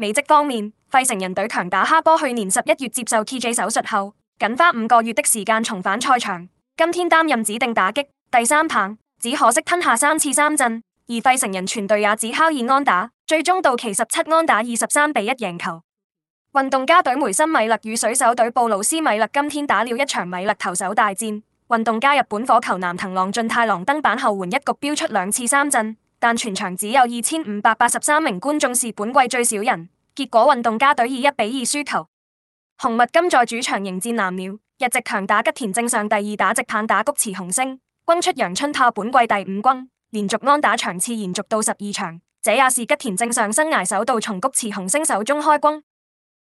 美職方面，費城人隊強打哈波去年十一月接受 TJ 手術後，僅花五個月的時間重返賽場。今天擔任指定打擊第三棒，只可惜吞下三次三振。而費城人全隊也只敲二安打，最終到期十七安打二十三比一贏球。運動家隊梅森米勒與水手隊布魯斯米勒今天打了一場米勒投手大戰。運動家日本火球男藤浪晉太郎登板後，換一局飆出兩次三振。但全場只有二千五百八十三名觀眾是本季最少人，結果運動家隊以一比二輸球。紅襪今在主場迎戰藍鳥，日直強打吉田正上第二打直棒打菊池雄星，轟出陽春炮，本季第五轟，連續安打場次延續到十二場，這也是吉田正上生涯首度從菊池雄星手中開轟。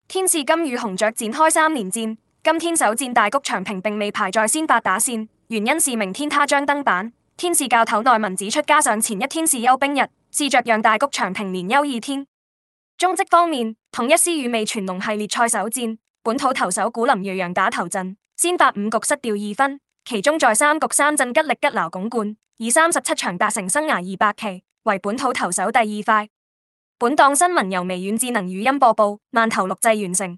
天使今與紅雀展開三連戰，今天首戰大谷翔平並未排在先發打線，原因是明天他將登板。天使教頭內文指出，加上前一天是休兵日，試着讓大谷翔平連休二天。中職方面，統一獅與味全龍系列賽首戰，本土投手古林裕洋打頭陣，先發五局失掉二分，其中在三局三振吉力吉撈鞏冠，以三十七場達成生涯二百期，為本土投手第二快。本檔新聞由微軟智能語音播報，慢頭錄製完成。